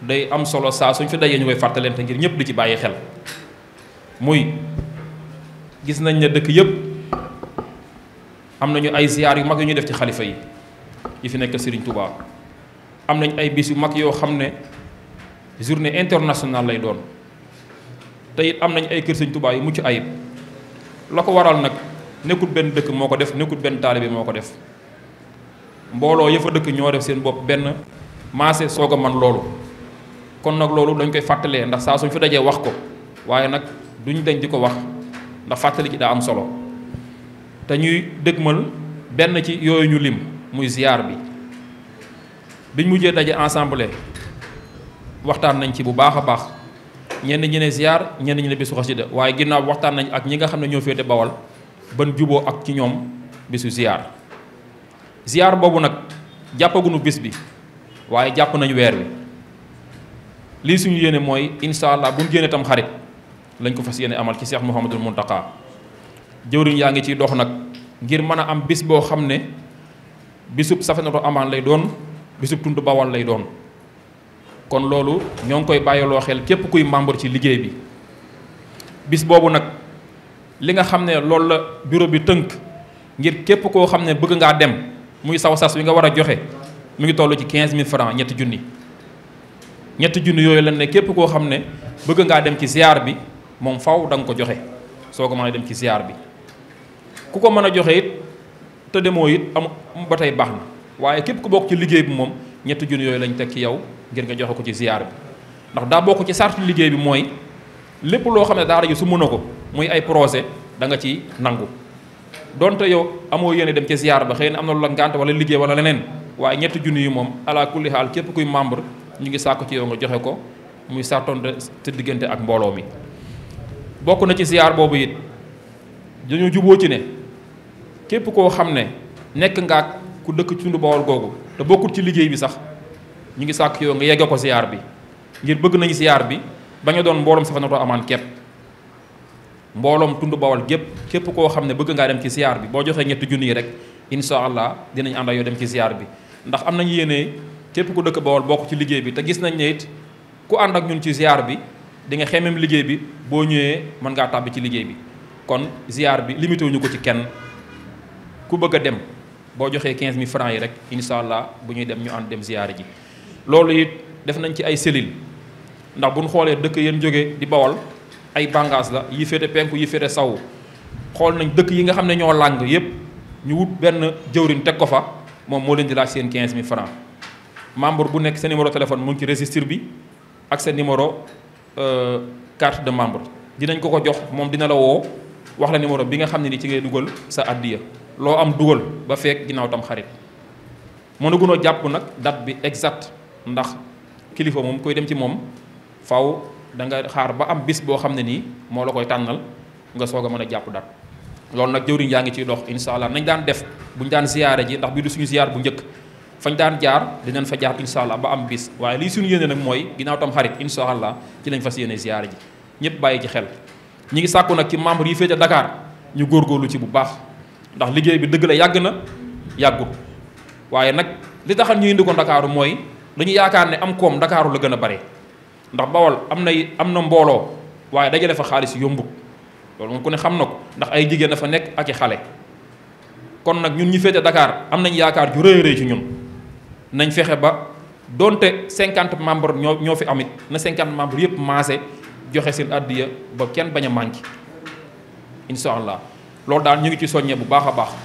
day am solo saa suñ fi dajee ñu koy fàttalante ngir ñëpp di ci bàyyi xel muy gis nañ ne dëkk yëpp am nañu ay ziyaar yu mag yu ñu def ci xalifa yi yi fi nekk Serigne Touba am nañ ay bis yu mag yoo xam ne journée internationale lay doon tey am nañ ay kër Serigne Touba yu mucc ayib la ko waral nag nekkul benn dëkk moo ko def nekkul benn taalibe moo ko def mbooloo yëfa dëkk ñoo def seen bopp benn maase soog a man loolu kon nag loolu dañ koy fàttalee ndax saa suñ fi dajee wax ko waaye nag duñ dañ di ko wax ndax fàttali ci daa am solo te ñuy dëgmal benn ci yooyu ñu lim muy ziar bi biñ mujjee daje ensemble waxtaan nañ ci bu baax a baax ñenn ñi ne ziar ñenn ñi ne bisu xasida waaye ginnaaw waxtaan nañ ak ñi nga xam ne ñoo féete bawal ban juboo ak ci ñoom bisu ziar ziar boobu nag jàppaguñu bis bi waaye jàpp nañu weer bi lii suñu yéenee mooy incha allah bu ñu génnee tam xarit lañ ko fas yéene amal ci seex Cheikh Mouhamadul Mountakha jëwriñ yaa ngi ciy dox nag ngir mën a am bis boo xam ne bisub safinato amaan lay doon bisub tuntu bawal lay doon kon loolu ñoo ngi koy bàyyiloo xel képp kuy membre ci liggéey bi bis boobu nag li nga xam ne loolu la bureau bi tënk ngir képp koo xam ne bëgg ngaa dem muy saw sas wi nga war a joxe mu ngi tollu ci 15000 francs ñetti junni ñetti junni yooyu lan ne képp koo xam ne bëgg ngaa dem ci siyaar bi moom faw danga ko joxe soo ko mën dem ci ziar bi ku ko mën a joxe it te demoo it am ba tey baax na waaye képp ku bokk ci liggéey bi moom ñetti junni yooyu lañ teg ci yow ngir nga joxe ko ci ziar bi ndax daa bokk ci sarti liggéey bi mooy lépp loo xam ne daara ji su mën a ko muy ay projet da nga ci nangu donte yow amoo yéene dem ci ziar ba xëy na am na lu la ngànt wala liggéey wala leneen waaye ñetti junni yi moom ala kulli xaal képp kuy membre ñu ngi sàkku ci yow nga joxe ko muy sartoon te diggante ak mbooloo mi bokk na ci ziar boobu it dañoo juboo ci ne képp koo xam ne nekk nga ak ku dëkk tund Bawol googu te bokkul ci liggéey bi sax ñu ngi sàkk yow nga yegge ko ziar bi ngir bëgg nañu ziar bi ba nga doon mbooloom Safinatoul Amaan képp mbooloom tundu Bawol gépp képp koo xam ne bëgg ngaa dem ci ziar bi boo joxee ñetti junni yi rek incha allah dinañ ànd ak yow dem ci ziar bi ndax am nañu képp ku dëkk Bawol bokk ci liggéey bi te gis nañ ne it ku ànd ak ñun ci ziar bi di nga xemem liggéey bi boo ñëwee mën ngaa tàbbi ci liggéey bi kon ziar bi limité ñu ko ci kenn ku bëgg a dem boo joxee 15000 francs yi rek incha allah bu ñuy dem ñu ànd dem ziar ji loolu it def nañ ci ay cellules ndax bu ñu xoolee dëkk yéen jóge di Bawol ay bàngaas la yi féete penku yi féete saw xool nañ dëkk yi nga xam ne ñoo làng yépp ñu wut benn jëwriñ teg ko fa moom moo leen di laaj seen 15000 francs membre bu nekk sa numéro téléphone mu ngi ci registre bi ak sa numéro euh, carte de membre dinañ ko ko jox moom dina la woo wax la numéro bi nga xam ne ni ci ngay dugal sa addiya loo am dugal ba feek ginnaaw tam xarit mënagunoo jàpp nag date bi exact ndax kilifa moom koy dem ci moom faw da xaar ba am bis boo xam ne nii moo la koy tànnal nga soog a mën a jàpp date loolu nag jëwriñ yaa ngi ciy dox incha allah nañ daan def buñ daan ziyaare ji ndax bii du bu njëkk fañ daan jaar dinañ fa jaar incha allah ba am bis waaye lii suñu yéene nag mooy ginnaaw tam xarit incha allah ci lañ fas yéene ziyaare ji ñëpp bàyyi ci xel ñi ngi sàkku nag ci membre yi féete Dakar ñu góor góorlu ci bu baax ndax liggéey bi dëgg la yàgg na yàggut waaye nag li taxal ñu indi ko Ndakaaru mooy dañu yaakaar ne am koom Ndakaaru la gën a bare ndax Bawol am nay am na mbooloo waaye dajale fa xaalis yombut loolu moom ku ne xam na ko ndax ay jigéen a fa nekk ak i xale kon nag ñun ñu féete Dakar am nañ yaakaar ju rëy ci ñun nañ fexe ba donte cinquante membres ñoo ñoo fi amit na cinquante membres yëpp maase joxe seen addiya ba kenn bañ a manqué incha allah loolu daal ñu ngi ci soññee bu baax a baax.